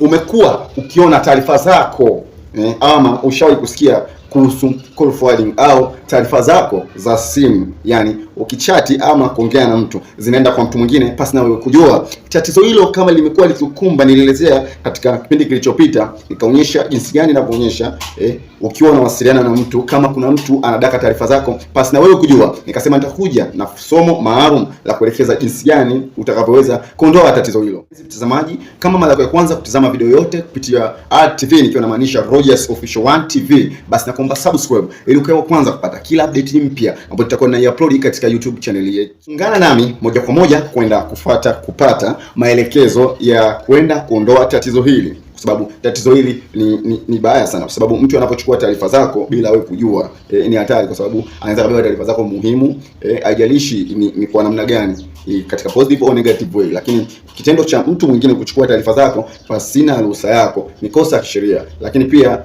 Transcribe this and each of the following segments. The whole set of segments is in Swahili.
Umekuwa ukiona taarifa zako eh, ama ushawahi kusikia kuhusu call forwarding au taarifa zako za simu, yani ukichati ama kuongea na mtu zinaenda kwa mtu mwingine pasi na wewe kujua. Tatizo hilo kama limekuwa likikumba, nilielezea katika kipindi kilichopita, nikaonyesha jinsi gani inavyoonyesha eh, ukiwa unawasiliana na mtu kama kuna mtu anadaka taarifa zako pasi na wewe kujua. Nikasema nitakuja na somo maalum la kuelekeza jinsi gani utakavyoweza kuondoa tatizo hilo. Mtazamaji, kama mara ya kwanza kutazama video yote kupitia RTV nikiwa namaanisha Rogers Official 1 TV, basi na kuomba subscribe ili ukae kwanza kupata kila update mpya ambayo tutakuwa na upload katika YouTube channel yetu. Ungana nami moja kwa moja kwenda kufuata kupata maelekezo ya kwenda kuondoa tatizo hili kwa sababu tatizo hili ni, ni, ni baya sana, kwa sababu mtu anapochukua taarifa zako bila wewe kujua eh, ni hatari, kwa sababu anaweza kubeba taarifa zako muhimu, eh, haijalishi eh, ni, ni kwa namna gani e, katika positive au negative way, lakini kitendo cha mtu mwingine kuchukua taarifa zako pasina ruhusa yako ni kosa kisheria, lakini pia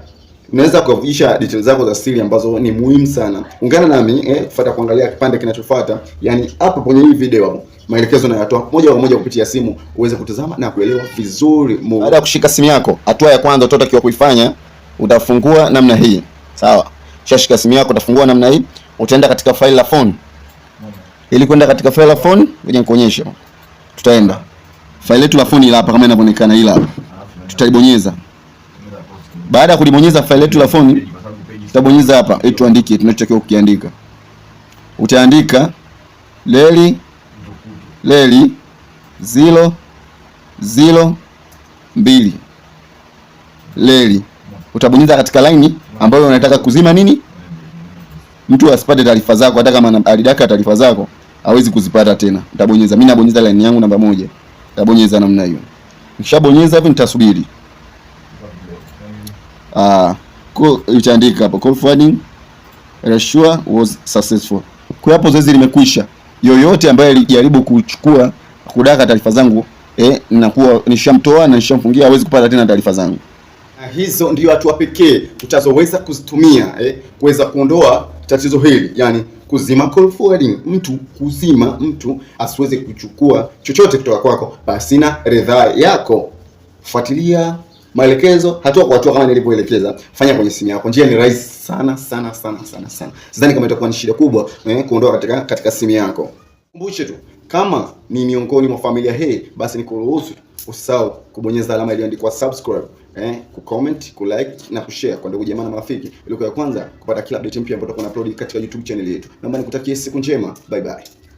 Naweza kuvujisha details zako za siri ambazo ni muhimu sana. Ungana nami eh, kufuata kuangalia kipande kinachofuata, yani hapo kwenye hii video hapo. Maelekezo nayatoa moja kwa moja kupitia simu uweze kutazama na kuelewa vizuri. Baada ya kushika simu yako, hatua ya kwanza utatakiwa kuifanya, utafungua namna hii. Sawa? Ushashika simu yako, utafungua namna hii, utaenda katika faili la phone. Ili kwenda katika faili la phone, ngoja nikuonyeshe. Tutaenda. Faili letu la phone ila hapa kama inavyoonekana ila hapa. Tutalibonyeza. Baada ya kulibonyeza file letu la phone, tutabonyeza hapa ili tuandike tunachotakiwa kukiandika. Utaandika leli leli zilo zilo mbili leli. Utabonyeza katika laini ambayo unataka kuzima nini, mtu asipate taarifa zako. Hata kama alidaka taarifa zako hawezi kuzipata tena. Utabonyeza, mimi nabonyeza laini yangu namba moja, utabonyeza namna hiyo. Nikishabonyeza hivi nitasubiri uh, itaandika hapo call forwarding Rashua was successful. Kwa hapo zoezi limekwisha. Yoyote ambaye alijaribu kuchukua kudaka taarifa zangu eh, nakuwa nishamtoa na nishamfungia, hawezi kupata tena taarifa zangu. Na hizo ndio hatua pekee utazoweza kuzitumia eh, kuweza kuondoa tatizo hili, yani kuzima call forwarding, mtu kuzima mtu asiweze kuchukua chochote kutoka kwako pasina ridhaa yako. Fuatilia maelekezo hatua kwa hatua kama nilivyoelekeza, fanya kwenye simu yako. Njia ni rahisi sana sana sana sana sana, sidhani kama itakuwa ni shida kubwa eh, kuondoa katika katika simu yako. Kumbushe tu kama ni miongoni mwa familia hii, basi ni kuruhusu usisahau kubonyeza alama iliyoandikwa subscribe, eh, ku comment ku like na ku share kwa ndugu jamaa na marafiki, ili kwa kwanza kupata kila update mpya ambayo tutakuwa na upload katika YouTube channel yetu. Naomba nikutakie siku njema, bye bye.